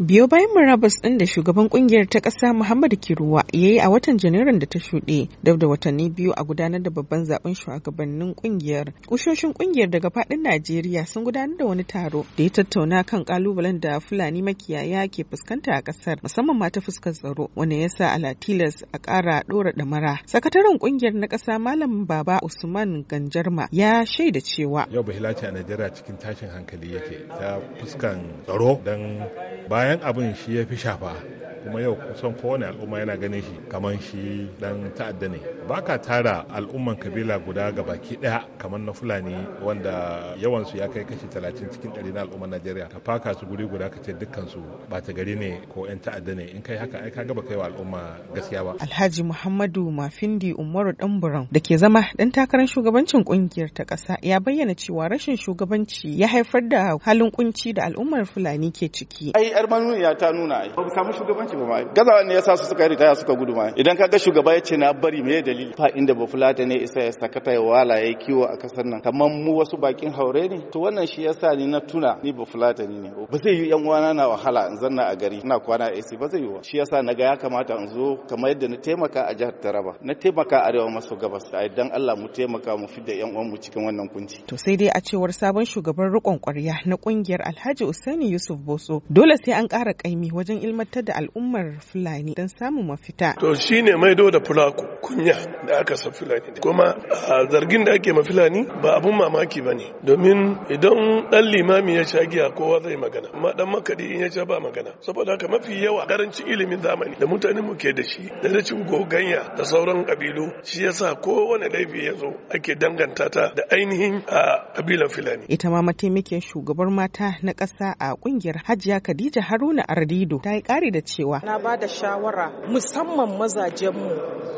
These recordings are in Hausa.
biyo bayan murabus ɗin da shugaban ƙungiyar ta ƙasa muhammadu kiruwa ya yi a watan janairun da ta shuɗe dab da watanni biyu a gudanar da babban zaben shugabannin ƙungiyar. ƙushoshin ƙungiyar daga faɗin najeriya sun gudanar da wani taro da ya tattauna kan ƙalubalen da fulani makiyaya ke fuskanta a ƙasar musamman ma ta fuskar tsaro wanda ya sa alatilas a ƙara ɗora ɗamara sakataren ƙungiyar na ƙasa malam baba usman ganjarma ya shaida cewa yau bahilaci a najeriya cikin tashin hankali yake ta fuskan tsaro don bayan bayan abin shi ya fi shafa kuma yau kusan kowane al'umma yana ganin shi kamar shi dan ta'adda ne ba ka tara al'umman kabila guda ga baki daya kamar na fulani wanda yawansu ya kai kashi 30 cikin 100 na al'umman najeriya ka faka su guri guda ka ce dukkansu bata gari ne ko 'yan ta'adda ne in kai haka ai ka gaba kaiwa al'umma gaskiya ba alhaji muhammadu mafindi umaru danburan da ke zama dan takarar shugabancin kungiyar ta kasa ya bayyana cewa rashin shugabanci ya haifar da halin kunci da al'ummar fulani ke ciki ai yar manuniya ta nuna ai ba samu shugabanci ba ma gazawa ne yasa su suka ritaya suka gudu idan ka ga shugaba ya ce na bari me ya dalili fa inda ba fulata ne isa ya sakata ya wala ya kiwo a kasar nan kamar mu wasu bakin haure ne to wannan shi yasa ni na tuna ni ba fulata ne ba zai yi yan uwana na wahala in zanna a gari ina kwana a AC ba zai yi shi yasa naga ya kamata in zo kamar yadda na taimaka a jihar Taraba na taimaka arewa maso gabas a idan Allah mu taimaka mu fidda yan uwan mu cikin wannan kunci to sai dai a cewar sabon shugaban rikon kwarya na kungiyar Alhaji Usaini Yusuf Boso dole sai an kara kaimi wajen ilmantar da al'ummar Fulani don samun mafita to shine maido da fulako kunya da aka sa Fulani kuma a zargin da ake ma Fulani ba abun mamaki ba ne domin idan dan limami ya sha giya kowa zai magana amma dan makadi in ya sha ba magana saboda haka mafi yawa karancin ilimin zamani da mutane mu ke da shi da cin goganya da sauran kabilu shi yasa kowane laifi ya zo ake danganta ta da ainihin a kabilan Fulani ita ma mataimakin shugabar mata na ƙasa a ƙungiyar Hajiya Khadija Haruna Ardido ta yi ƙari da cewa na ba da shawara musamman mazajenmu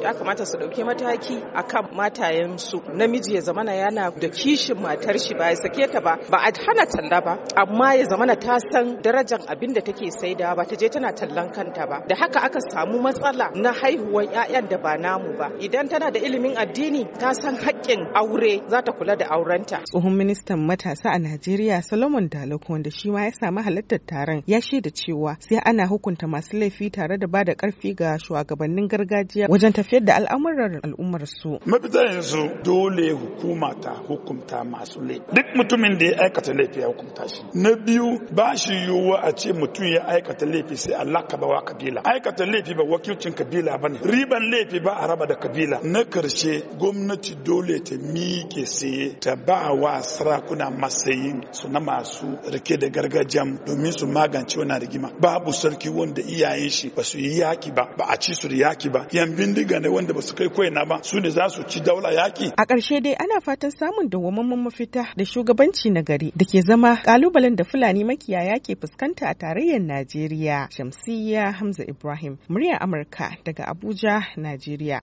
ya kamata kamata su dauki mataki a kan matayensu, namiji ya zamana yana da kishin matar shi ba ya sake ta ba ba a hana talla ba amma ya zamana ta san darajar abin da take saida ba ta je tana tallan kanta ba da haka aka samu matsala na haihuwar 'ya'yan da ba namu ba idan tana da ilimin addini ta san haƙƙin aure za ta kula da aurenta tsohon ministan matasa a najeriya solomon daloko wanda shi ma ya samu halartar taron ya shaida cewa sai ana hukunta masu laifi tare da ba da ƙarfi ga shugabannin gargajiya wajen tafiyar da al' al'amuran al'ummarsu. Mafita yanzu dole hukuma ta hukunta masu laifi. Duk mutumin da ya aikata laifi ya hukunta shi. Na biyu ba shi yiwuwa a ce mutum ya aikata laifi sai Allah ka bawa kabila. Aikata laifi ba wakilcin kabila ba ne. Riban laifi ba a raba da kabila. Na karshe gwamnati dole ta miƙe saye ta ba wa sarakuna matsayin su na masu rike da gargajiya domin su magance wannan rigima. Babu sarki wanda iyayen shi ba su yi yaki ba ba a ci su da yaki ba. Yan bindiga ne wanda ba su kai koyina ba su ne za su ci daula yaki a ƙarshe dai ana fatan samun dawwammamin mafita da shugabanci na gari da ke zama kalubalen da fulani makiyaya ke fuskanta a tarayyar najeriya shamsiyya hamza ibrahim muryar amurka daga abuja najeriya